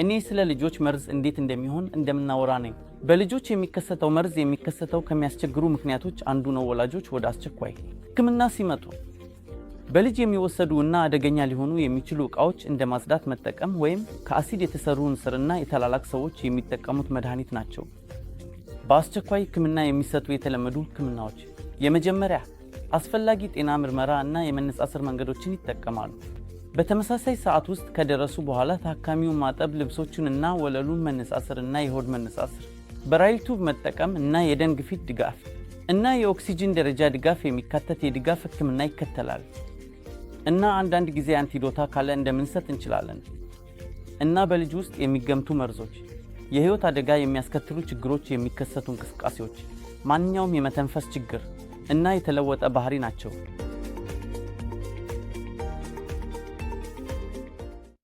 እኔ ስለ ልጆች መርዝ እንዴት እንደሚሆን እንደምናወራ ነኝ። በልጆች የሚከሰተው መርዝ የሚከሰተው ከሚያስቸግሩ ምክንያቶች አንዱ ነው። ወላጆች ወደ አስቸኳይ ሕክምና ሲመጡ በልጅ የሚወሰዱ እና አደገኛ ሊሆኑ የሚችሉ እቃዎች እንደ ማጽዳት መጠቀም ወይም ከአሲድ የተሰሩ ንስርና የተላላቅ ሰዎች የሚጠቀሙት መድኃኒት ናቸው። በአስቸኳይ ሕክምና የሚሰጡ የተለመዱ ሕክምናዎች የመጀመሪያ አስፈላጊ ጤና ምርመራ እና የመነጻጸር መንገዶችን ይጠቀማሉ። በተመሳሳይ ሰዓት ውስጥ ከደረሱ በኋላ ታካሚውን ማጠብ፣ እና ወለሉን እና የሆድ መነሳሰር በራይል ቱብ መጠቀም እና የደም ግፊት ድጋፍ እና የኦክሲጅን ደረጃ ድጋፍ የሚካተት የድጋፍ ህክምና ይከተላል። እና አንዳንድ ጊዜ አንቲዶታ ካለ እንደምንሰጥ እንችላለን። እና በልጅ ውስጥ የሚገምቱ መርዞች የህይወት አደጋ የሚያስከትሉ ችግሮች የሚከሰቱ እንቅስቃሴዎች፣ ማንኛውም የመተንፈስ ችግር እና የተለወጠ ባህሪ ናቸው።